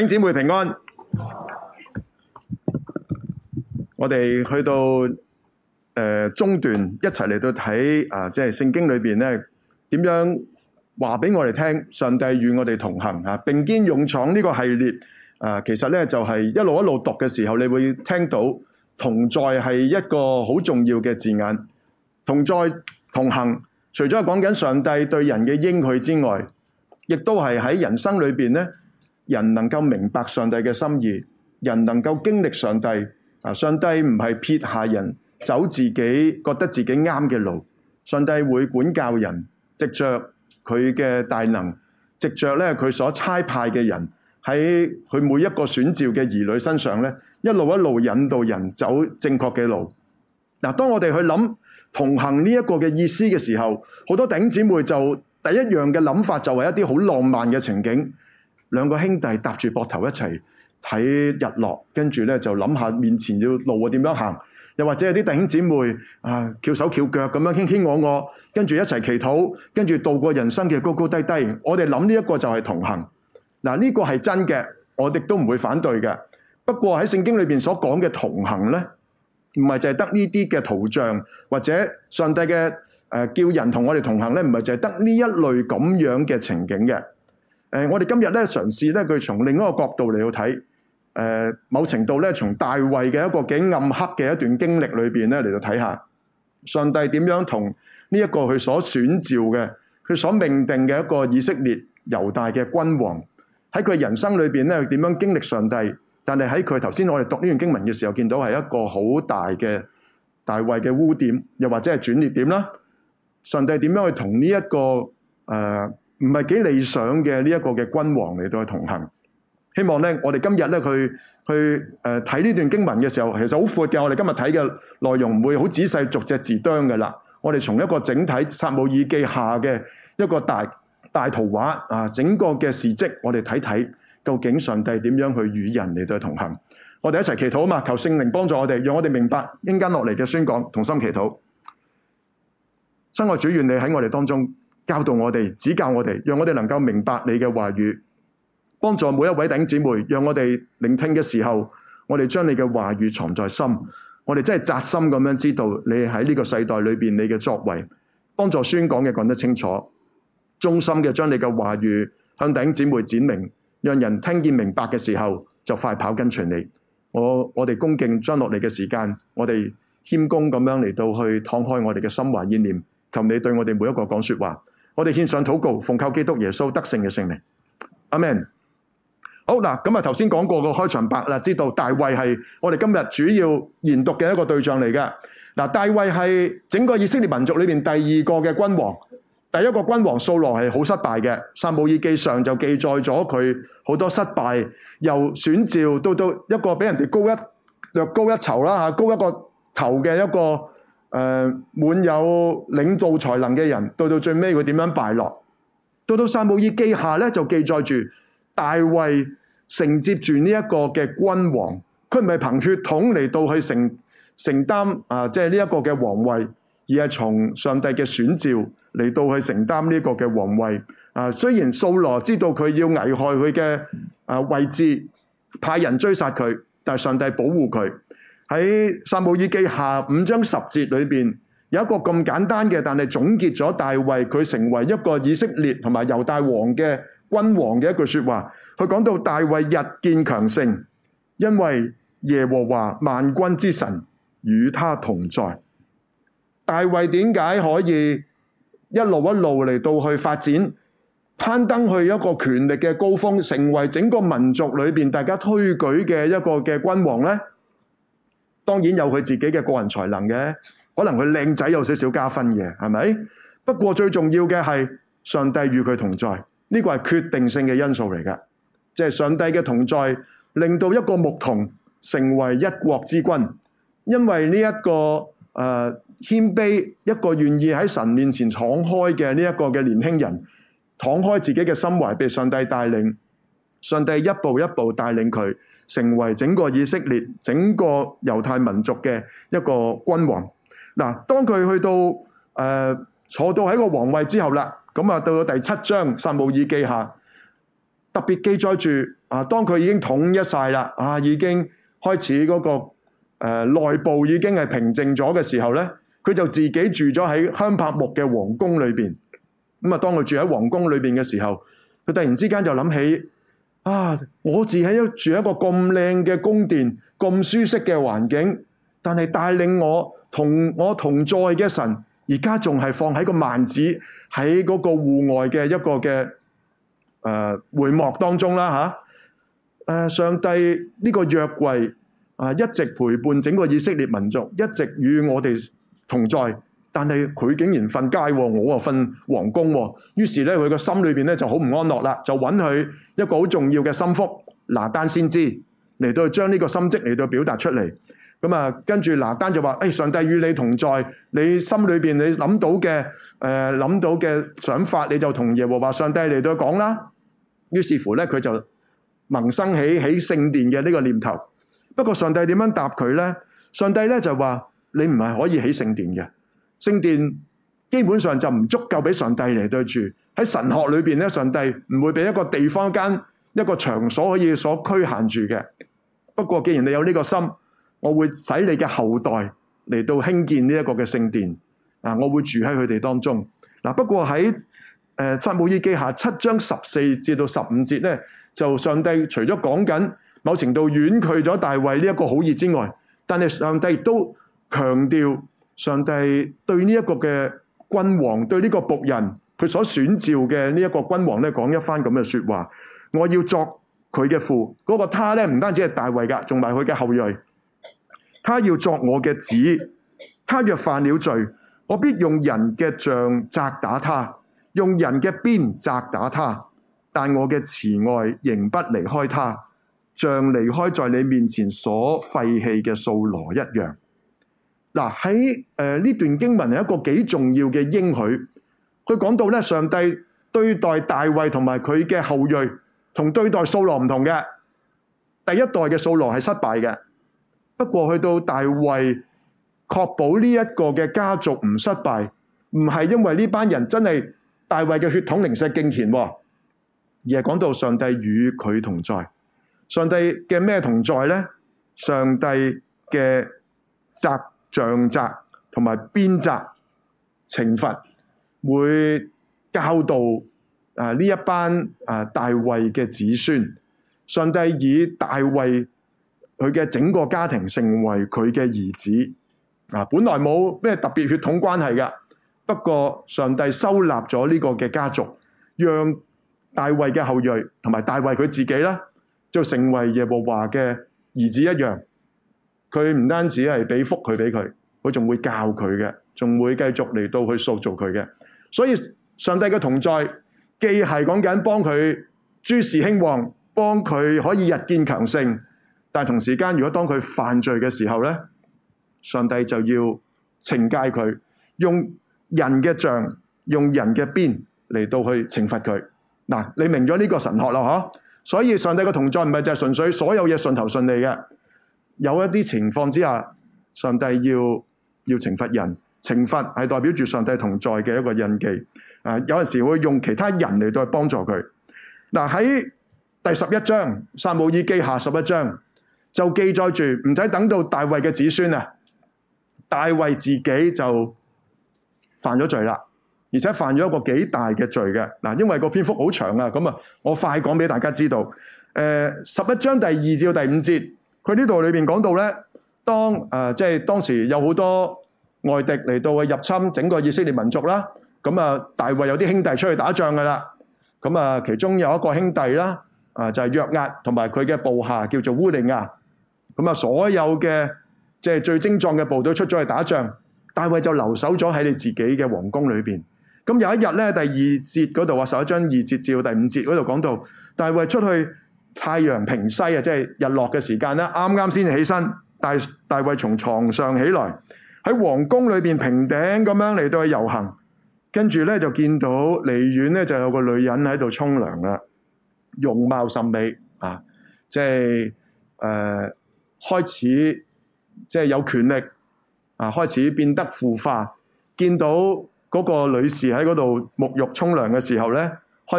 兄弟姐妹平安，我哋去到誒、呃、中段，一齊嚟到睇啊！即係聖經裏邊咧，點樣話俾我哋聽？上帝與我哋同行啊，並肩勇闖呢個系列啊，其實咧就係一路一路讀嘅時候，你會聽到同在係一個好重要嘅字眼。同在同行，除咗講緊上帝對人嘅應許之外，亦都係喺人生裏邊咧。人能夠明白上帝嘅心意，人能夠經歷上帝。啊，上帝唔係撇下人，走自己覺得自己啱嘅路。上帝會管教人，藉着佢嘅大能，藉着呢佢所差派嘅人喺佢每一個選召嘅兒女身上呢，一路一路引導人走正確嘅路。嗱，當我哋去諗同行呢一個嘅意思嘅時候，好多頂姊妹就第一樣嘅諗法就係一啲好浪漫嘅情景。兩個兄弟搭住膊頭一齊睇日落，跟住咧就諗下面前要路啊點樣行？又或者有啲弟兄姊妹啊，翹手翹腳咁樣卿卿我我，跟住一齊祈禱，跟住度過人生嘅高高低低。我哋諗呢一個就係同行。嗱，呢個係真嘅，我哋都唔會反對嘅。不過喺聖經裏邊所講嘅同行咧，唔係淨係得呢啲嘅圖像，或者上帝嘅誒、呃、叫人同我哋同行咧，唔係淨係得呢一類咁樣嘅情景嘅。誒，我哋今日咧嘗試咧，佢從另一個角度嚟到睇，誒，某程度咧，從大衛嘅一個幾暗黑嘅一段經歷裏邊咧嚟到睇下，上帝點樣同呢一個佢所選召嘅，佢所命定嘅一個以色列猶大嘅君王喺佢人生裏邊咧點樣經歷上帝。但係喺佢頭先我哋讀呢段經文嘅時候，見到係一個好大嘅大衛嘅污點，又或者係轉捩點啦。上帝點樣去同呢一個誒，唔係幾理想嘅呢一個嘅君王嚟到去同行，希望咧我哋今日咧去去誒睇呢段經文嘅時候，其實好闊嘅。我哋今日睇嘅內容唔會好仔細逐隻字哚㗎啦。我哋從一個整體撒母耳記下嘅一個大大圖畫啊，整個嘅事蹟，我哋睇睇究竟上帝點樣去與人嚟到去同行。我哋一齊祈禱啊嘛，求聖靈幫助我哋，讓我哋明白一陣間落嚟嘅宣講，同心祈禱。親愛主，願你喺我哋當中。教導我哋，指教我哋，讓我哋能夠明白你嘅話語，幫助每一位頂姊妹，讓我哋聆聽嘅時候，我哋將你嘅話語藏在心，我哋真係扎心咁樣知道你喺呢個世代裏邊你嘅作為，幫助宣講嘅講得清楚，衷心嘅將你嘅話語向頂姊妹展明，讓人聽見明白嘅時候就快跑跟隨你。我我哋恭敬將落嚟嘅時間，我哋謙恭咁樣嚟到去燙開我哋嘅心懷意念，求你對我哋每一個講說話。我哋獻上禱告，奉靠基督耶穌得勝嘅聖名，阿們。好嗱，咁啊，頭先講過個開場白啦，知道大衛係我哋今日主要研讀嘅一個對象嚟嘅。嗱、啊，大衛係整個以色列民族裏面第二個嘅君王，第一個君王掃羅係好失敗嘅，《撒母耳記》上就記載咗佢好多失敗，由選召到到一個比人哋高一略高一籌啦高一個頭嘅一個。誒，滿、呃、有領導才能嘅人，到到最尾佢點樣敗落？到到撒母耳記下咧，就記載住大衛承接住呢一個嘅君王，佢唔係憑血統嚟到去承承擔啊，即係呢一個嘅王位，而係從上帝嘅選召嚟到去承擔呢個嘅皇位。啊、呃，雖然掃羅知道佢要危害佢嘅啊位置，派人追殺佢，但係上帝保護佢。喺撒母耳記下五章十節裏邊，有一個咁簡單嘅，但係總結咗大衛佢成為一個以色列同埋猶大王嘅君王嘅一句說話。佢講到大衛日見強盛，因為耶和華萬軍之神與他同在。大衛點解可以一路一路嚟到去發展攀登去一個權力嘅高峰，成為整個民族裏邊大家推舉嘅一個嘅君王呢？當然有佢自己嘅個人才能嘅，可能佢靚仔有少少加分嘅，係咪？不過最重要嘅係上帝與佢同在，呢個係決定性嘅因素嚟嘅，即係上帝嘅同在令到一個牧童成為一國之君，因為呢一個誒謙卑，一個願意喺神面前敞開嘅呢一個嘅年輕人，敞開自己嘅心懷畀上帝帶領。上帝一步一步帶領佢成為整個以色列、整個猶太民族嘅一個君王。嗱，當佢去到誒、呃、坐到喺個皇位之後啦，咁啊到咗第七章撒母耳記下，特別記載住啊，當佢已經統一晒啦，啊已經開始嗰、那個誒、呃、內部已經係平靜咗嘅時候咧，佢就自己住咗喺香柏木嘅皇宮裏邊。咁啊，當佢住喺皇宮裏邊嘅時候，佢突然之間就諗起。啊！我自己住一個咁靚嘅宮殿，咁舒適嘅環境，但係帶領我同我同在嘅神，而家仲係放喺個幔子喺嗰個戶外嘅一個嘅誒帷幕當中啦吓、啊啊。上帝呢個約櫃啊，一直陪伴整個以色列民族，一直與我哋同在。但係佢竟然瞓街、啊，我啊瞓皇宮。於是咧，佢個心裏邊咧就好唔安樂啦，就揾佢一個好重要嘅心腹。拿單先知嚟到將呢個心跡嚟到表達出嚟咁啊。跟住拿單就話：誒、哎、上帝與你同在，你心裏邊你諗到嘅誒諗到嘅想法，你就同耶和華上帝嚟到講啦。於是乎咧，佢就萌生起起聖殿嘅呢個念頭。不過上帝點樣答佢咧？上帝咧就話：你唔係可以起聖殿嘅。聖殿基本上就唔足夠俾上帝嚟。對住喺神學裏邊咧，上帝唔會俾一個地方、一間一個場所可以所拘限住嘅。不過既然你有呢個心，我會使你嘅後代嚟到興建呢一個嘅聖殿啊，我會住喺佢哋當中。嗱，不過喺誒撒母耳記下七章十四至到十五節咧，就上帝除咗講緊某程度婉拒咗大衛呢一個好意之外，但係上帝都強調。上帝對呢一個嘅君王，對呢個僕人，佢所選召嘅呢一個君王咧，講一番咁嘅說話。我要作佢嘅父，嗰個他咧，唔單止係大衛噶，仲埋佢嘅後裔。他要作我嘅子，他若犯了罪，我必用人嘅杖責打他，用人嘅鞭責打他。但我嘅慈愛仍不離開他，像離開在你面前所廢棄嘅掃羅一樣。嗱喺誒呢段經文係一個幾重要嘅應許，佢講到咧上帝對待大衛同埋佢嘅後裔，同對待掃羅唔同嘅。第一代嘅掃羅係失敗嘅，不過去到大衛確保呢一個嘅家族唔失敗，唔係因為呢班人真係大衛嘅血統零舍敬虔，而係講到上帝與佢同在。上帝嘅咩同在呢？上帝嘅責。杖責同埋鞭責懲罰，會教導啊呢一班啊大衛嘅子孫，上帝以大衛佢嘅整個家庭成為佢嘅兒子啊，本來冇咩特別血統關係噶，不過上帝收納咗呢個嘅家族，讓大衛嘅後裔同埋大衛佢自己咧，就成為耶和華嘅兒子一樣。佢唔單止係俾福佢俾佢，佢仲會教佢嘅，仲會繼續嚟到去塑造佢嘅。所以上帝嘅同在既係講緊幫佢諸事興旺，幫佢可以日見強盛。但係同時間，如果當佢犯罪嘅時候咧，上帝就要懲戒佢，用人嘅杖、用人嘅鞭嚟到去懲罰佢。嗱，你明咗呢個神學咯？嗬，所以上帝嘅同在唔係就係純粹所有嘢順頭順利嘅。有一啲情況之下，上帝要要懲罰人，懲罰係代表住上帝同在嘅一個印記。啊，有陣時會用其他人嚟到幫助佢嗱。喺、啊、第十一章《撒母耳記》下十一章就記載住，唔使等到大衛嘅子孫啊，大衛自己就犯咗罪啦，而且犯咗一個幾大嘅罪嘅嗱、啊。因為個篇幅好長啊，咁啊，我快講俾大家知道。誒、呃，十一章第二至第五節。佢呢度裏邊講到咧，當誒即係當時有好多外敵嚟到去入侵整個以色列民族啦，咁啊，大衛有啲兄弟出去打仗噶啦，咁啊，其中有一個兄弟啦，啊就係約押，同埋佢嘅部下叫做烏利亞，咁啊，所有嘅即係最精壯嘅部隊都出咗去打仗，大衛就留守咗喺你自己嘅皇宮裏邊。咁有一日咧，第二節嗰度啊，十一章二節至到第五節嗰度講到，大衛出去。太陽平西啊，即係日落嘅時間啦，啱啱先起身，大大衛從床上起來，喺皇宮裏邊平頂咁樣嚟到去遊行，跟住咧就見到離遠咧就有個女人喺度沖涼啦，容貌甚美啊，即係誒開始即係有權力啊，開始變得腐化，見到嗰個女士喺嗰度沐浴沖涼嘅時候咧。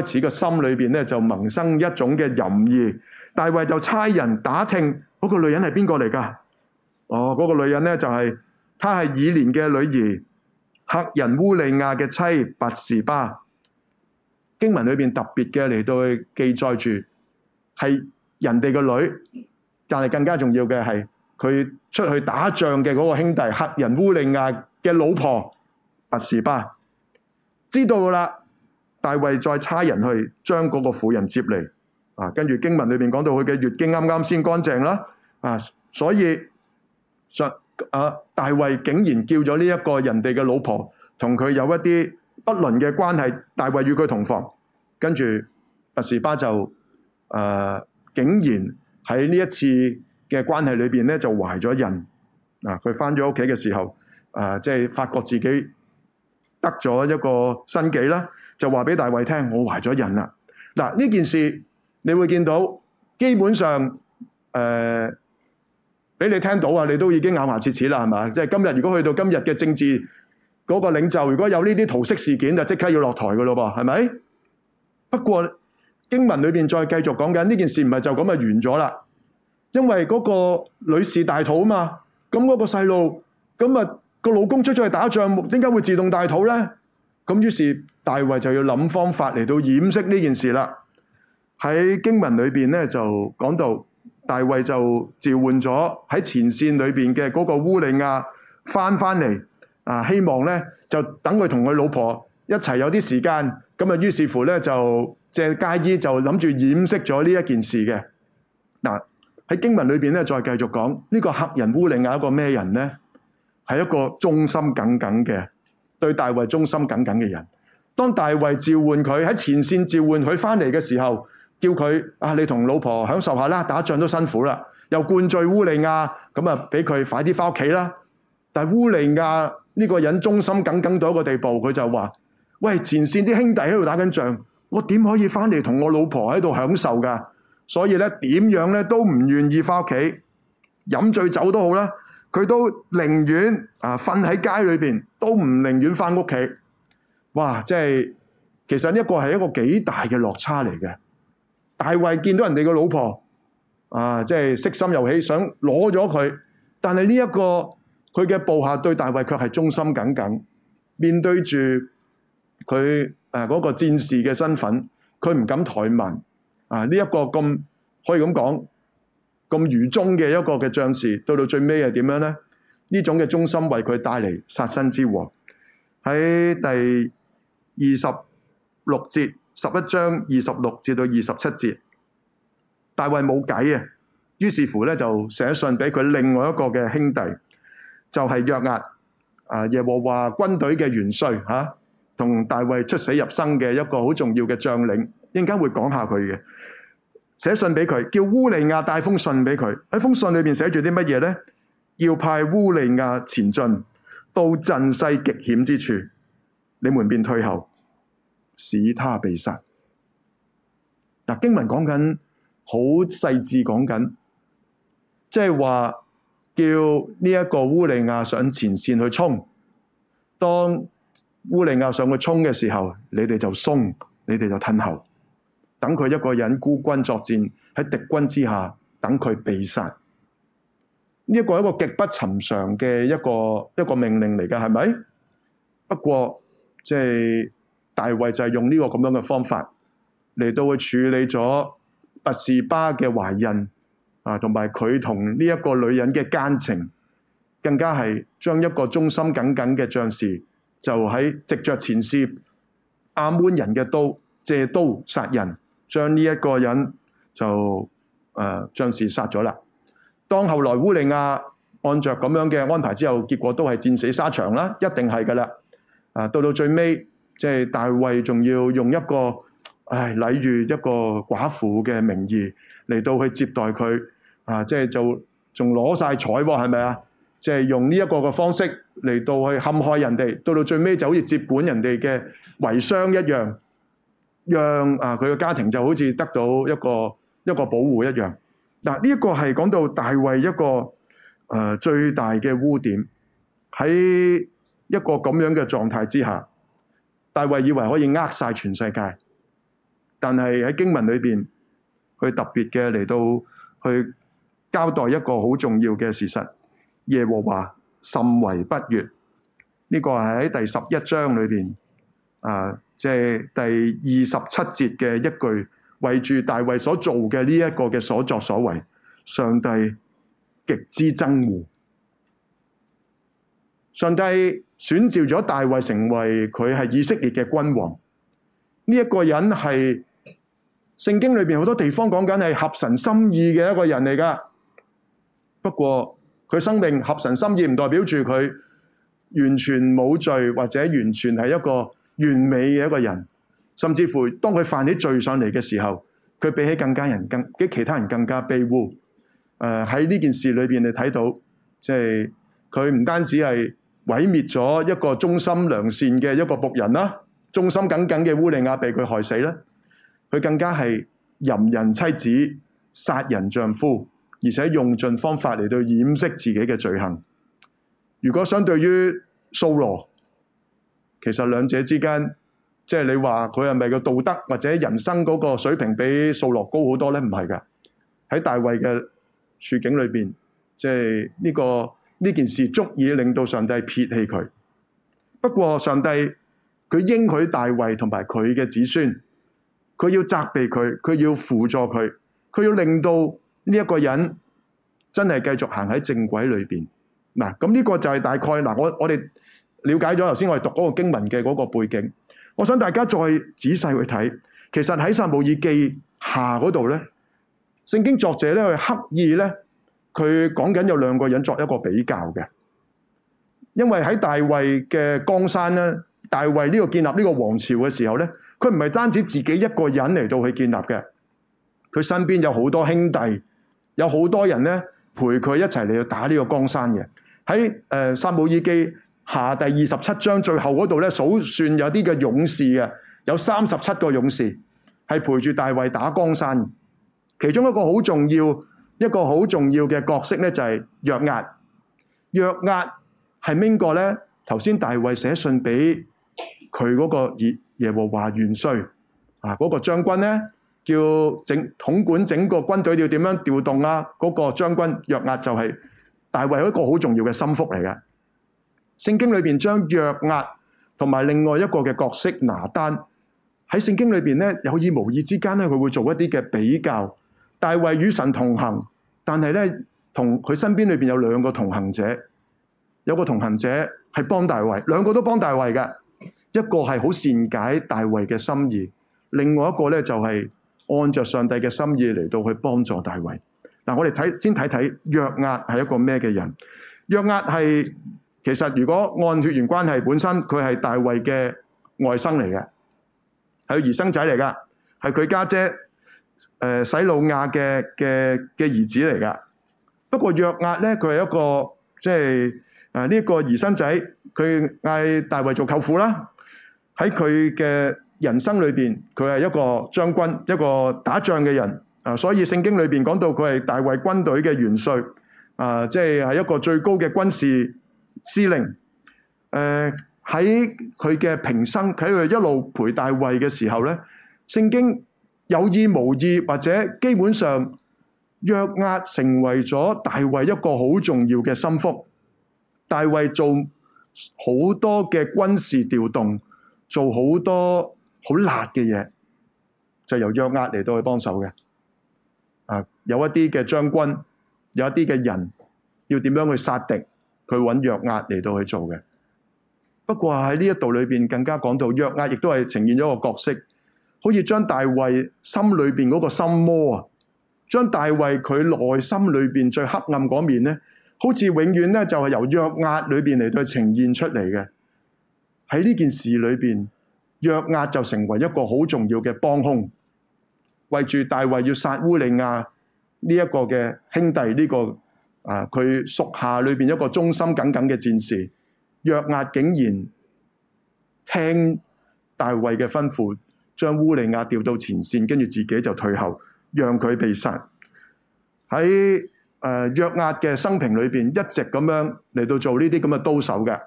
開始個心裏邊咧就萌生一種嘅淫意，大衛就差人打聽嗰個女人係邊個嚟噶？哦，嗰、那個女人咧就係、是，她係以連嘅女兒，赫人烏利亞嘅妻拔示巴。經文裏邊特別嘅嚟到記載住，係人哋嘅女，但係更加重要嘅係佢出去打仗嘅嗰個兄弟赫人烏利亞嘅老婆拔示巴，知道啦。大衛再差人去將嗰個婦人接嚟，啊，跟住經文裏邊講到佢嘅月經啱啱先乾淨啦，啊，所以上啊大衛竟然叫咗呢一個人哋嘅老婆同佢有一啲不倫嘅關係，大衛與佢同房，跟住拔示巴就誒、啊、竟然喺呢一次嘅關係裏邊咧就懷咗孕，啊，佢翻咗屋企嘅時候，誒、啊、即係發覺自己。得咗一個新紀啦，就話俾大衛聽：我懷咗孕啦！嗱，呢件事你會見到，基本上誒俾你聽到啊，你都已經咬牙切齒啦，係咪？即係今日，如果去到今日嘅政治嗰個領袖，如果有呢啲桃色事件，就即刻要落台㗎咯噃，係咪？不過經文裏邊再繼續講緊呢件事，唔係就咁就完咗啦，因為嗰個女士大肚啊嘛，咁嗰個細路咁啊。個老公出咗去打仗，目，點解會自動大肚呢？咁於是大衛就要諗方法嚟到掩飾呢件事啦。喺經文裏邊咧就講到，大衛就召喚咗喺前線裏邊嘅嗰個烏利亞翻翻嚟，啊希望咧就等佢同佢老婆一齊有啲時間。咁啊，於是乎咧就借啲意就諗住掩飾咗呢一件事嘅。嗱，喺經文裏邊咧再繼續講，呢、這個赫人烏利亞一個咩人呢？係一個忠心耿耿嘅，對大衛忠心耿耿嘅人。當大衛召喚佢喺前線召喚佢翻嚟嘅時候，叫佢啊，你同老婆享受下啦，打仗都辛苦啦，又灌醉烏利亞，咁啊俾佢快啲翻屋企啦。但係烏利亞呢個人忠心耿耿到一個地步，佢就話：喂，前線啲兄弟喺度打緊仗，我點可以翻嚟同我老婆喺度享受㗎？所以咧，點樣呢都唔願意翻屋企，飲醉酒都好啦。佢都寧願啊瞓喺街裏邊，都唔寧願翻屋企。哇！即係其實呢一個係一個幾大嘅落差嚟嘅。大衛見到人哋嘅老婆啊、呃，即係色心又起，想攞咗佢。但係呢一個佢嘅部下對大衛卻係忠心耿耿。面對住佢誒嗰個戰士嘅身份，佢唔敢怠慢啊！呢、呃、一個咁可以咁講。咁愚忠嘅一個嘅將士，到到最尾係點樣咧？呢種嘅忠心為佢帶嚟殺身之禍。喺第二十六節，十一章二十六至到二十七節，大衛冇計啊！於是乎咧，就寫信俾佢另外一個嘅兄弟，就係約押啊！耶和華軍隊嘅元帥吓，同大衛出死入生嘅一個好重要嘅將領，一陣間會講下佢嘅。寫信俾佢，叫烏利亞帶封信俾佢。喺封信裏面寫住啲乜嘢咧？要派烏利亞前進到陣勢極險之處，你們便退後，使他被殺。嗱、啊，經文講緊好細緻，講緊即係話叫呢一個烏利亞上前線去衝。當烏利亞上去衝嘅時候，你哋就鬆，你哋就褪後。等佢一個人孤軍作戰喺敵軍之下等佢被殺，呢一個係一個極不尋常嘅一個一個命令嚟嘅係咪？不過即係、就是、大衛就係用呢個咁樣嘅方法嚟到去處理咗拔示巴嘅懷孕啊，同埋佢同呢一個女人嘅奸情，更加係將一個忠心耿耿嘅將士就喺藉着前攝亞捫人嘅刀借刀殺人。將呢一個人就誒將、呃、士殺咗啦。當後來烏利亞按照咁樣嘅安排之後，結果都係戰死沙場啦，一定係㗎啦。到到最尾，即、就、係、是、大衛仲要用一個誒，例如一個寡婦嘅名義嚟到去接待佢、呃就是、啊，即係就仲攞晒彩喎，係咪啊？即係用呢一個嘅方式嚟到去陷害人哋，到到最尾就好似接管人哋嘅遺孀一樣。讓啊佢嘅家庭就好似得到一個一個保護一樣。嗱，呢一個係講到大衛一個誒最大嘅污點。喺一個咁樣嘅狀態之下，大衛以為可以呃晒全世界，但係喺經文裏邊，佢特別嘅嚟到去交代一個好重要嘅事實：耶和華甚為不悅。呢、這個係喺第十一章裏邊啊。呃即係第二十七節嘅一句，為住大衛所做嘅呢一個嘅所作所為，上帝極之憎惡。上帝選召咗大衛成為佢係以色列嘅君王，呢、這、一個人係聖經裏邊好多地方講緊係合神心意嘅一個人嚟噶。不過佢生命合神心意，唔代表住佢完全冇罪或者完全係一個。完美嘅一個人，甚至乎當佢犯起罪上嚟嘅時候，佢比起更加人更啲其他人更加卑污。誒喺呢件事裏邊，你睇到即係佢唔單止係毀滅咗一個忠心良善嘅一個僕人啦，忠心耿耿嘅烏利亞被佢害死啦。佢更加係淫人妻子、殺人丈夫，而且用盡方法嚟到掩飾自己嘅罪行。如果相對於掃羅。其實兩者之間，即係你話佢係咪個道德或者人生嗰個水平比掃羅高好多咧？唔係噶，喺大衛嘅處境裏邊，即係呢個呢件事足以令到上帝撇棄佢。不過上帝佢應許大衛同埋佢嘅子孫，佢要責備佢，佢要輔助佢，佢要令到呢一個人真係繼續行喺正軌裏邊。嗱，咁呢個就係大概嗱，我我哋。了解咗頭先我哋讀嗰個經文嘅嗰個背景，我想大家再仔細去睇，其實喺撒母耳記下嗰度咧，聖經作者咧去刻意咧，佢講緊有兩個人作一個比較嘅，因為喺大衛嘅江山咧，大衛呢個建立呢個王朝嘅時候咧，佢唔係單止自己一個人嚟到去建立嘅，佢身邊有好多兄弟，有好多人咧陪佢一齊嚟到打呢個江山嘅，喺，誒，撒母耳記下第二十七章最後嗰度咧，數算有啲嘅勇士嘅，有三十七個勇士係陪住大衛打江山。其中一個好重要、一個好重要嘅角色咧，就係約押。約押係邊個咧？頭先大衛寫信俾佢嗰個耶和華元帥啊，嗰個將軍咧叫整統管整個軍隊要點樣調動啊？嗰個將軍約押就係大衛一個好重要嘅心腹嚟嘅。聖經裏邊將約押同埋另外一個嘅角色拿單，喺聖經裏邊咧，有意無意之間咧，佢會做一啲嘅比較。大衛與神同行，但係咧同佢身邊裏邊有兩個同行者，有個同行者係幫大衛，兩個都幫大衛嘅。一個係好善解大衛嘅心意，另外一個咧就係按着上帝嘅心意嚟到去幫助大衛。嗱，我哋睇先睇睇約押係一個咩嘅人？約押係。其實，如果按血緣關係本身，佢係大衛嘅外甥嚟嘅，係個兒生仔嚟噶，係佢家姐誒、呃、洗魯亞嘅嘅嘅兒子嚟噶。不過約押咧，佢係一個即係啊呢個兒生仔，佢嗌大衛做舅父啦。喺佢嘅人生裏邊，佢係一個將軍，一個打仗嘅人啊、呃。所以聖經裏邊講到佢係大衛軍隊嘅元帥啊、呃，即係係一個最高嘅軍事司令，誒喺佢嘅平生，喺佢一路陪大衛嘅時候咧，聖經有意無意，或者基本上約押成為咗大衛一個好重要嘅心腹。大衛做好多嘅軍事調動，做好多好辣嘅嘢，就是、由約押嚟到去幫手嘅。啊，有一啲嘅將軍，有一啲嘅人，要點樣去殺敵？佢揾約押嚟到去做嘅，不過喺呢一度裏邊更加講到約押，亦都係呈現咗個角色，好似將大衛心裏邊嗰個心魔啊，將大衛佢內心裏邊最黑暗嗰面咧，好似永遠咧就係由約押裏邊嚟到呈現出嚟嘅。喺呢件事裏邊，約押就成為一個好重要嘅幫凶。為住大衛要殺烏利亞呢一個嘅兄弟呢個。啊！佢屬下裏邊一個忠心耿耿嘅戰士，約押竟然聽大衛嘅吩咐，將烏利亞調到前線，跟住自己就退後，讓佢被殺。喺誒約押嘅生平裏邊，一直咁樣嚟到做呢啲咁嘅刀手嘅。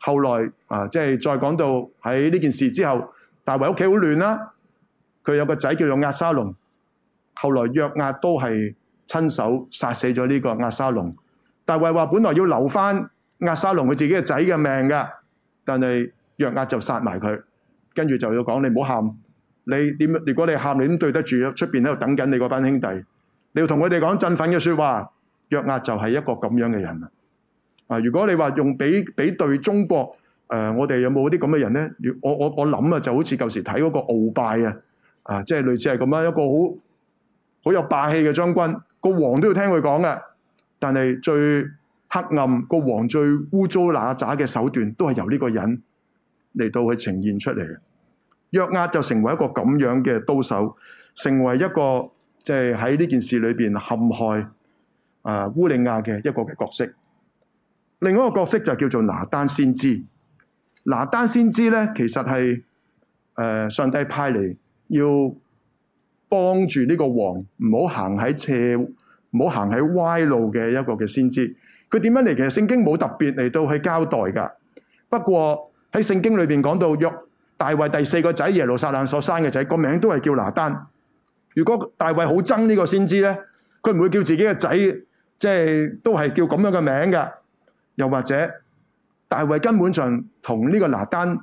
後來啊，即係再講到喺呢件事之後，大衛屋企好亂啦。佢有個仔叫做押沙龍，後來約押都係。親手殺死咗呢個押沙龍，大衛話：本來要留翻押沙龍佢自己嘅仔嘅命嘅，但係約押就殺埋佢。跟住就要講：你唔好喊，你點？如果你喊，你點對得住？出邊喺度等緊你嗰班兄弟，你要同佢哋講振奮嘅説話。約押就係一個咁樣嘅人啊！如果你話用比比對中國，誒、呃，我哋有冇啲咁嘅人咧？我我我諗啊，就好似舊時睇嗰個鰲拜啊，啊，即係類似係咁樣，一個好好有霸氣嘅將軍。個王都要聽佢講嘅，但係最黑暗、個王最污糟、乸渣嘅手段，都係由呢個人嚟到去呈現出嚟嘅。約押就成為一個咁樣嘅刀手，成為一個即係喺呢件事裏邊陷害啊、呃、烏利亞嘅一個嘅角色。另外一個角色就叫做拿單先知。拿單先知咧，其實係誒、呃、上帝派嚟要幫住呢個王唔好行喺斜，唔好行喺歪路嘅一個嘅先知，佢點樣嚟？其實聖經冇特別嚟到去交代噶。不過喺聖經裏邊講到約大衛第四個仔耶路撒冷所生嘅仔，個名都係叫拿單。如果大衛好憎呢個先知咧，佢唔會叫自己嘅仔即係都係叫咁樣嘅名嘅。又或者大衛根本上同呢個拿單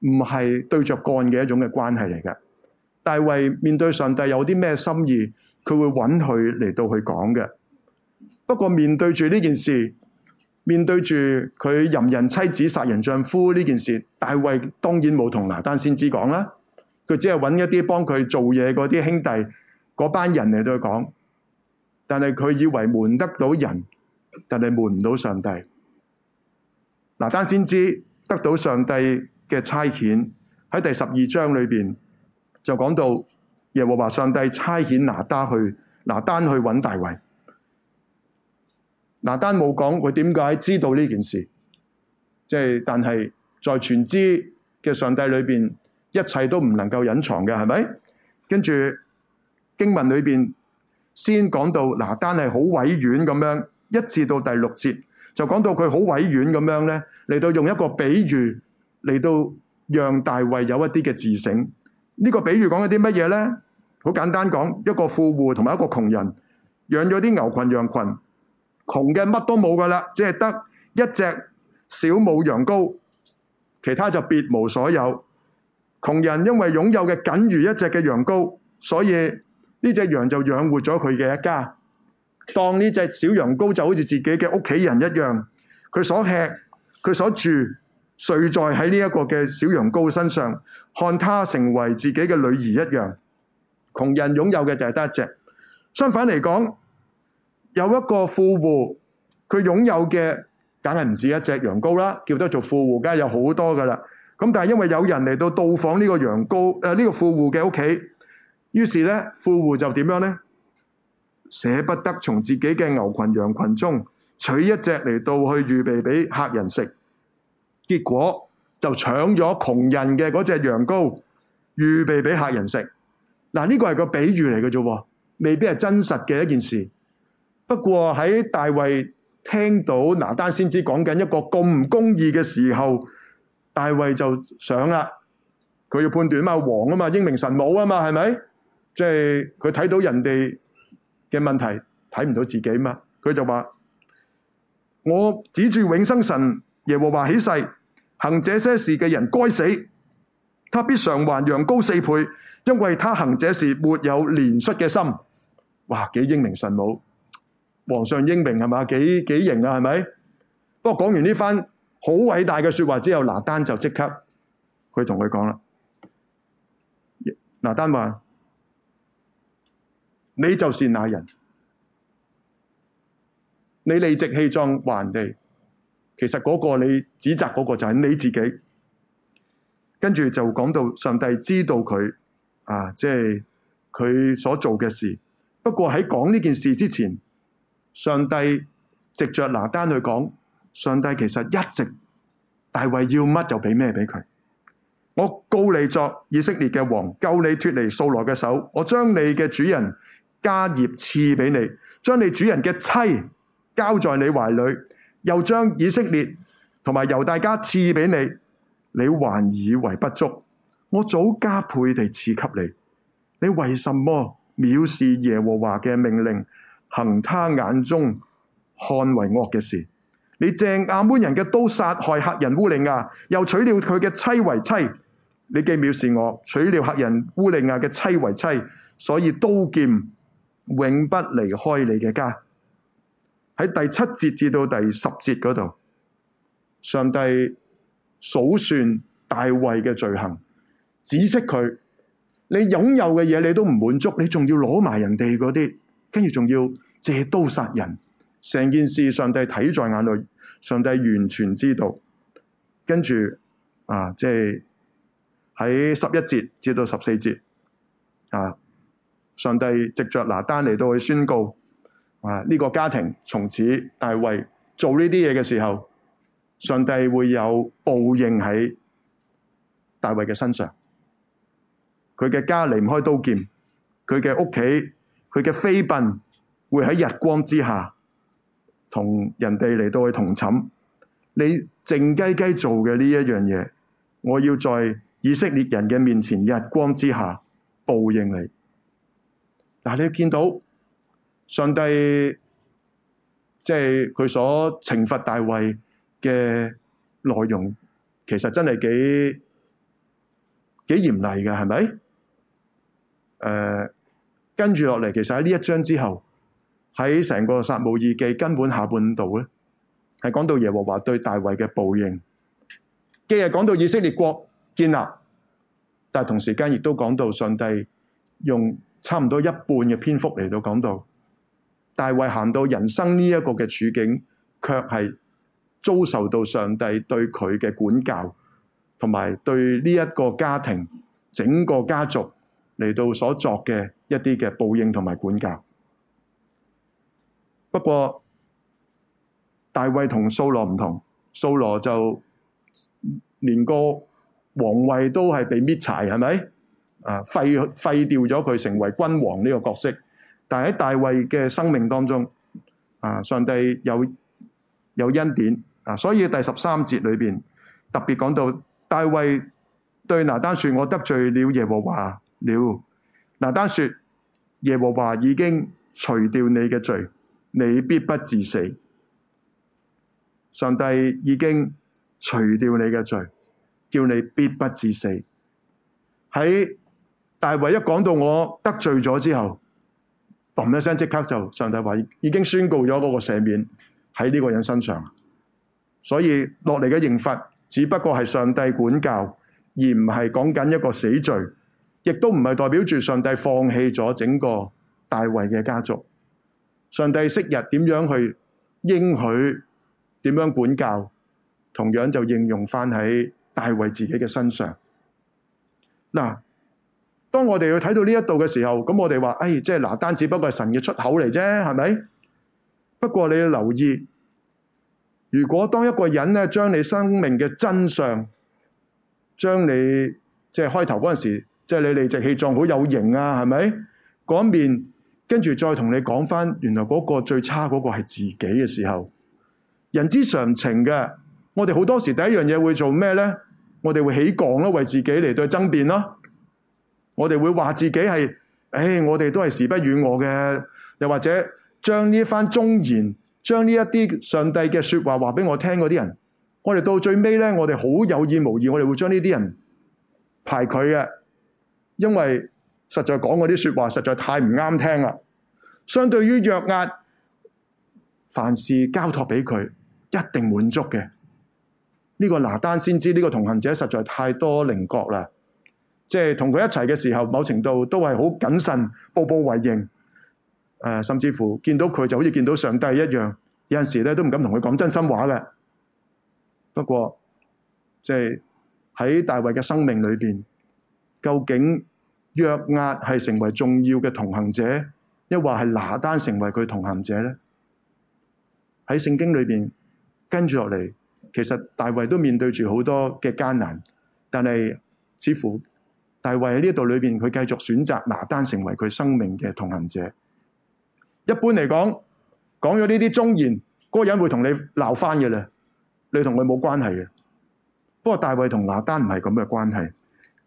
唔係對着幹嘅一種嘅關係嚟嘅。大衛面對上帝有啲咩心意，佢會揾佢嚟到去講嘅。不過面對住呢件事，面對住佢淫人妻子、殺人丈夫呢件事，大衛當然冇同拿單先知講啦。佢只係揾一啲幫佢做嘢嗰啲兄弟、嗰班人嚟到去講。但係佢以為瞞得到人，但係瞞唔到上帝。拿單先知得到上帝嘅差遣，喺第十二章裏邊。就講到耶和華上帝差遣拿單去拿單去揾大衛。拿單冇講佢點解知道呢件事，即係，但係在全知嘅上帝裏邊，一切都唔能夠隱藏嘅，係咪？跟住經文裏邊先講到拿單係好委婉咁樣，一至到第六節就講到佢好委婉咁樣咧，嚟到用一個比喻嚟到讓大衛有一啲嘅自省。呢個比喻講緊啲乜嘢呢？好簡單講，一個富戶同埋一個窮人養咗啲牛群羊群，窮嘅乜都冇噶啦，只係得一隻小母羊羔，其他就別無所有。窮人因為擁有嘅僅餘一隻嘅羊羔，所以呢隻羊就養活咗佢嘅一家。當呢隻小羊羔就好似自己嘅屋企人一樣，佢所吃，佢所住。睡在喺呢一個嘅小羊羔身上，看它成為自己嘅女兒一樣。窮人擁有嘅就係得一隻。相反嚟講，有一個富戶，佢擁有嘅梗係唔止一隻羊羔啦，叫得做富戶，梗係有好多噶啦。咁但係因為有人嚟到到訪呢個羊羔誒呢個富戶嘅屋企，於是呢，富戶就點樣呢？捨不得從自己嘅牛群羊群中取一隻嚟到去預備俾客人食。結果就搶咗窮人嘅嗰隻羊羔，預備俾客人食。嗱，呢個係個比喻嚟嘅啫，未必係真實嘅一件事。不過喺大衛聽到拿單先知講緊一個咁唔公義嘅時候，大衛就想啦。佢要判斷嘛，啊，王啊嘛，英明神武啊嘛，係咪？即係佢睇到人哋嘅問題，睇唔到自己嘛。佢就話：我指住永生神耶和華起誓。行這些事嘅人該死，他必償還羊羔四倍，因為他行這事沒有憐恤嘅心。哇！幾英明神武，皇上英明係嘛？幾幾型啊，係咪？不過講完呢番好偉大嘅説話之後，拿單就即刻佢同佢講啦。拿單話：你就是那人，你理直氣壯還地。其實嗰個你指責嗰個就係你自己，跟住就講到上帝知道佢啊，即係佢所做嘅事。不過喺講呢件事之前，上帝藉着拿單去講，上帝其實一直大衛要乜就俾咩俾佢。我告你作以色列嘅王，救你脫離掃羅嘅手，我將你嘅主人家業賜俾你，將你主人嘅妻交在你懷裏。又將以色列同埋猶大家賜俾你，你還以為不足？我早加倍地賜給你，你為什麼藐視耶和華嘅命令，行他眼中看為惡嘅事？你借亞捫人嘅刀殺害赫人烏利亞，又娶了佢嘅妻為妻，你既藐視我，娶了赫人烏利亞嘅妻為妻，所以刀劍永不離開你嘅家。喺第七節至到第十節嗰度，上帝數算大衛嘅罪行，指斥佢：你擁有嘅嘢你都唔滿足，你仲要攞埋人哋嗰啲，跟住仲要借刀殺人，成件事上帝睇在眼內，上帝完全知道。跟住啊，即係喺十一節至到十四節啊，上帝藉着拿單嚟到去宣告。啊！呢個家庭從此，大衛做呢啲嘢嘅時候，上帝會有報應喺大衛嘅身上。佢嘅家離唔開刀劍，佢嘅屋企，佢嘅妃嬪會喺日光之下同人哋嚟到去同寢。你靜雞雞做嘅呢一樣嘢，我要在以色列人嘅面前日光之下報應你。嗱，你要見到？上帝即係佢所懲罰大衛嘅內容，其實真係幾幾嚴厲嘅，係咪？誒、呃，跟住落嚟，其實喺呢一章之後，喺成個撒母耳記根本下半度咧，係講到耶和華對大衛嘅報應，既係講到以色列國建立，但係同時間亦都講到上帝用差唔多一半嘅篇幅嚟到講到。大衛行到人生呢一個嘅處境，卻係遭受到上帝對佢嘅管教，同埋對呢一個家庭、整個家族嚟到所作嘅一啲嘅報應同埋管教。不過大衛同掃羅唔同，掃羅就連個皇位都係被搣柴，係咪？啊，廢廢掉咗佢成為君王呢個角色。但喺大衛嘅生命當中，啊，上帝有有恩典啊，所以第十三節裏邊特別講到大衛對拿單說：我得罪了耶和華了。拿單說：耶和華已經除掉你嘅罪，你必不至死。上帝已經除掉你嘅罪，叫你必不至死。喺大衛一講到我得罪咗之後。嘣一聲即刻就，上帝話已經宣告咗嗰個赦免喺呢個人身上，所以落嚟嘅刑罰只不過係上帝管教，而唔係講緊一個死罪，亦都唔係代表住上帝放棄咗整個大衛嘅家族。上帝昔日點樣去應許，點樣管教，同樣就應用翻喺大衛自己嘅身上。嗱。當我哋要睇到呢一度嘅時候，咁我哋話，哎，即係拿單只不過係神嘅出口嚟啫，係咪？不過你要留意，如果當一個人咧將你生命嘅真相，將你即係開頭嗰陣時，即係你理直氣壯好有型啊，係咪？嗰邊跟住再同你講翻，原來嗰個最差嗰個係自己嘅時候，人之常情嘅。我哋好多時第一樣嘢會做咩咧？我哋會起降咯，為自己嚟到爭辯咯。我哋會話自己係，誒、哎，我哋都係時不與我願嘅，又或者將呢一番忠言，將呢一啲上帝嘅說話話俾我聽嗰啲人，我哋到最尾咧，我哋好有意無意，我哋會將呢啲人排拒嘅，因為實在講嗰啲說話實在太唔啱聽啦。相對於約押，凡事交託俾佢，一定滿足嘅。呢、這個拿單先知呢、這個同行者實在太多稜角啦。即係同佢一齊嘅時候，某程度都係好謹慎，步步為營。誒、呃，甚至乎見到佢就好似見到上帝一樣。有陣時咧都唔敢同佢講真心話嘅。不過，即係喺大衛嘅生命裏邊，究竟約押係成為重要嘅同行者，抑或係拿單成為佢同行者咧？喺聖經裏邊跟住落嚟，其實大衛都面對住好多嘅艱難，但係似乎。大衛喺呢度裏邊，佢繼續選擇拿單成為佢生命嘅同行者。一般嚟講，講咗呢啲忠言，嗰、那個、人會同你鬧翻嘅啦。你同佢冇關係嘅。不過大衛同拿單唔係咁嘅關係。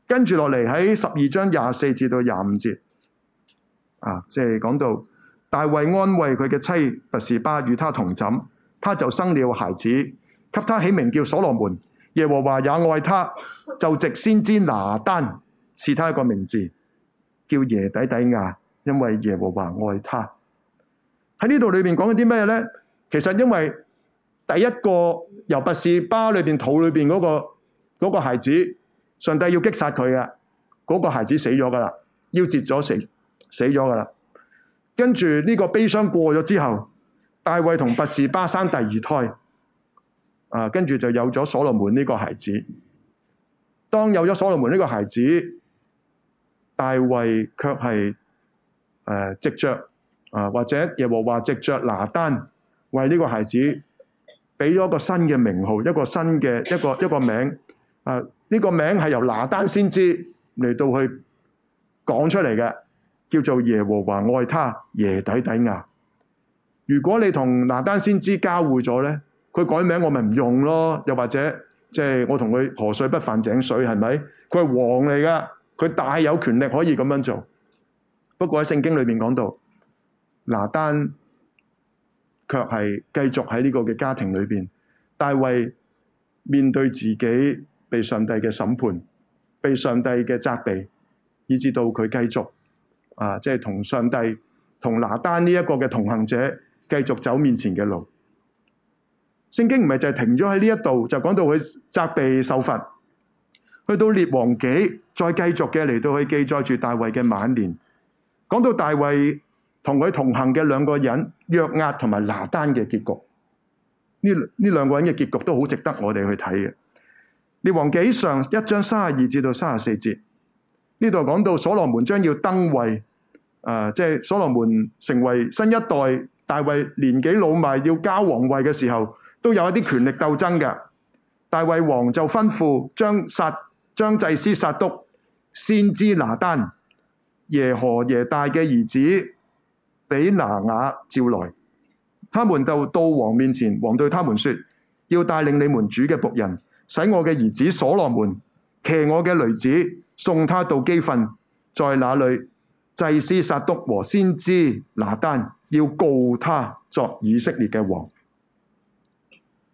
跟住落嚟喺十二章廿四至到廿五節啊，即係講到大衛安慰佢嘅妻拔士巴，與他同枕，他就生了孩子，給他起名叫所羅門。耶和華也愛他，就藉先知拿單。賜他一個名字，叫耶底底亞，因為耶和華愛他。喺呢度裏面講緊啲咩呢？其實因為第一個由拔士巴裏邊肚裏邊嗰、嗰個、嗰個孩子，上帝要擊殺佢嘅，嗰、嗰個孩子死咗噶啦，夭折咗死死咗噶啦。跟住呢個悲傷過咗之後，大衛同拔士巴生第二胎，啊，跟住就有咗所羅門呢個孩子。當有咗所羅門呢個孩子。大衛卻係誒直着，啊，或者耶和華直着拿單為呢個孩子俾咗一個新嘅名號，一個新嘅一個一個名啊！呢、這個名係由拿單先知嚟到去講出嚟嘅，叫做耶和華愛他耶底底亞。如果你同拿單先知交互咗呢，佢改名我咪唔用咯，又或者即係、就是、我同佢河水不犯井水係咪？佢係王嚟噶。佢大有權力可以咁樣做，不過喺聖經裏面講到，拿單卻係繼續喺呢個嘅家庭裏邊。大衛面對自己被上帝嘅審判，被上帝嘅責備，以致到佢繼續啊，即係同上帝同拿單呢一個嘅同行者繼續走面前嘅路。聖經唔係就係停咗喺呢一度，就講到佢責備受罰，去到列王紀。再繼續嘅嚟到去記載住大衛嘅晚年，講到大衛同佢同行嘅兩個人約押同埋拿單嘅結局，呢呢兩個人嘅結局都好值得我哋去睇嘅。列王紀上一章三十二至到三十四節，呢度講到所羅門將要登位，啊、呃，即係所羅門成為新一代，大衛年紀老邁要交王位嘅時候，都有一啲權力鬥爭嘅。大衛王就吩咐將殺將祭司撒督。先知拿單，耶何耶大嘅兒子，比拿雅召來，他們就到王面前，王對他們說：要帶領你們主嘅僕人，使我嘅兒子所羅門騎我嘅驢子，送他到基訓，在那裏祭司撒督和先知拿單要膏他作以色列嘅王。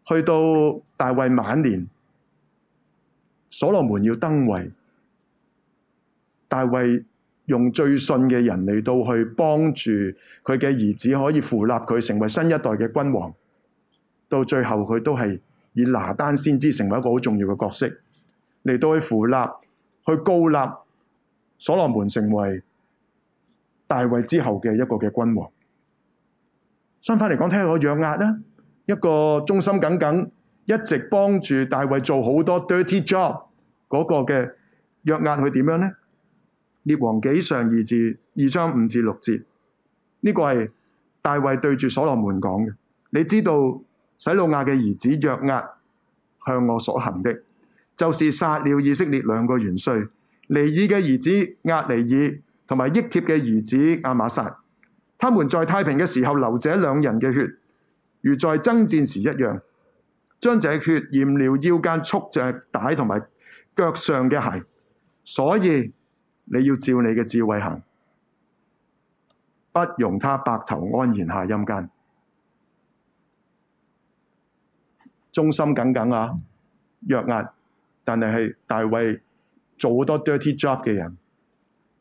去到大衛晚年，所羅門要登位。大衛用最信嘅人嚟到去幫助佢嘅兒子，可以扶立佢成為新一代嘅君王。到最後佢都係以拿單先知成為一個好重要嘅角色，嚟到去扶立，去膏立所羅門成為大衛之後嘅一個嘅君王。相反嚟講，聽下個約押啦，一個忠心耿耿，一直幫住大衛做好多 dirty job 嗰個嘅約押，佢點樣咧？列王紀上二字，二章五至六節，呢、這個係大衛對住所羅門講嘅。你知道洗魯雅嘅兒子約押向我所行的，就是殺了以色列兩個元帥。尼珥嘅兒子押尼珥同埋益帖嘅兒子亞瑪撒，他們在太平嘅時候流這兩人嘅血，如在爭戰時一樣，將這血染了腰間束着帶同埋腳上嘅鞋，所以。你要照你嘅智慧行，不容他白頭安然下陰間。忠心耿耿啊，約押，但係係大衛做好多 dirty job 嘅人，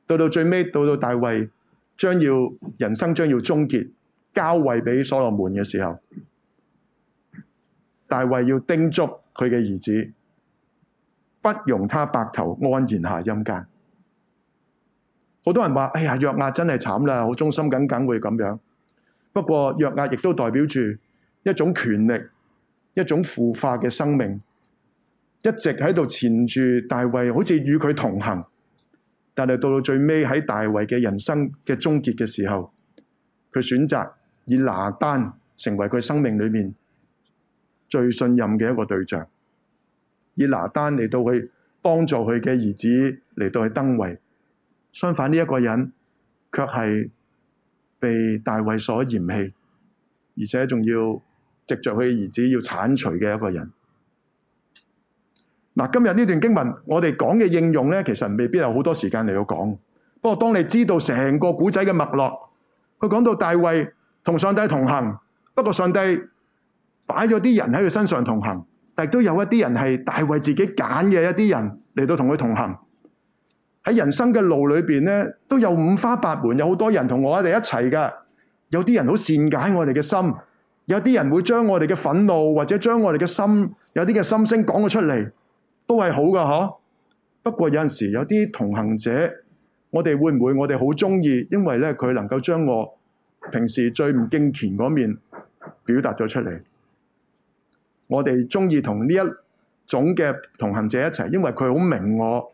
到到最尾，到到大衛將要人生將要終結，交位俾所羅門嘅時候，大衛要叮囑佢嘅兒子，不容他白頭安然下陰間。好多人話：哎呀，約押真係慘啦，好忠心耿耿會咁樣。不過約押亦都代表住一種權力，一種腐化嘅生命，一直喺度纏住大衛，好似與佢同行。但係到到最尾喺大衛嘅人生嘅終結嘅時候，佢選擇以拿單成為佢生命裏面最信任嘅一個對象，以拿單嚟到去幫助佢嘅兒子嚟到去登位。相反呢一個人，卻係被大衛所嫌棄，而且仲要藉著佢兒子要鏟除嘅一個人。嗱，今日呢段經文我哋講嘅應用咧，其實未必有好多時間嚟到講。不過當你知道成個古仔嘅脈絡，佢講到大衛同上帝同行，不過上帝擺咗啲人喺佢身上同行，但係都有一啲人係大衛自己揀嘅一啲人嚟到同佢同行。喺人生嘅路裏邊咧，都有五花八門，有好多人同我哋一齊噶。有啲人好善解我哋嘅心，有啲人會將我哋嘅憤怒或者將我哋嘅心，有啲嘅心聲講咗出嚟，都係好噶嗬。不過有陣時有啲同行者，我哋會唔會我哋好中意？因為咧佢能夠將我平時最唔敬虔嗰面表達咗出嚟，我哋中意同呢一種嘅同行者一齊，因為佢好明我。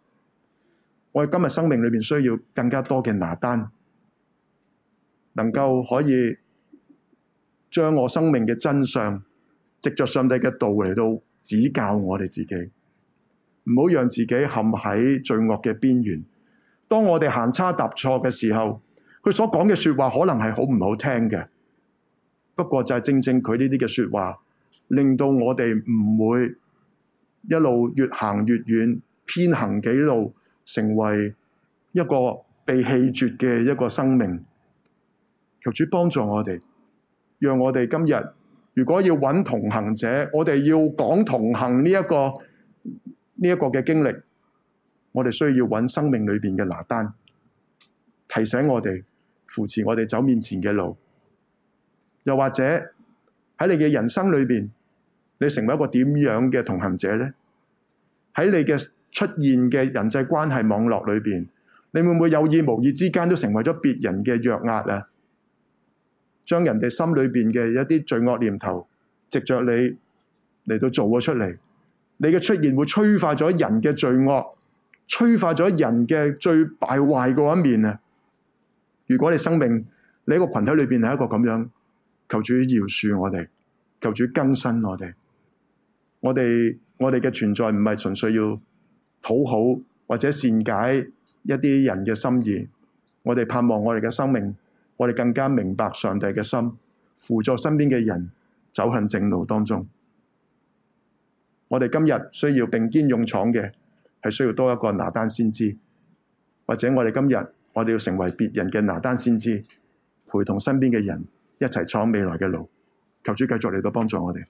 我哋今日生命裏面需要更加多嘅拿單，能夠可以將我生命嘅真相，藉着上帝嘅道嚟到指教我哋自己，唔好讓自己陷喺罪惡嘅邊緣。當我哋行差踏錯嘅時候，佢所講嘅說話可能係好唔好聽嘅，不過就係正正佢呢啲嘅說話，令到我哋唔會一路越行越遠，偏行己路。成為一個被棄絕嘅一個生命，求主幫助我哋，讓我哋今日如果要揾同行者，我哋要講同行呢一個呢一個嘅經歷，我哋需要揾生命裏邊嘅拿單，提醒我哋扶持我哋走面前嘅路。又或者喺你嘅人生裏邊，你成為一個點樣嘅同行者呢？喺你嘅。出現嘅人際關係網絡裏邊，你會唔會有意無意之間都成為咗別人嘅弱壓啊？將人哋心裏邊嘅一啲罪惡念頭藉着你嚟到做咗出嚟，你嘅出現會催化咗人嘅罪惡，催化咗人嘅最敗壞嗰一面啊！如果你生命你喺個群體裏邊係一個咁樣，求主饒恕我哋，求主更新我哋。我哋我哋嘅存在唔係純粹要。討好或者善解一啲人嘅心意，我哋盼望我哋嘅生命，我哋更加明白上帝嘅心，輔助身邊嘅人走向正路當中。我哋今日需要並肩勇闖嘅，係需要多一個拿單先知，或者我哋今日我哋要成為別人嘅拿單先知，陪同身邊嘅人一齊闖未來嘅路。求主繼續嚟到幫助我哋。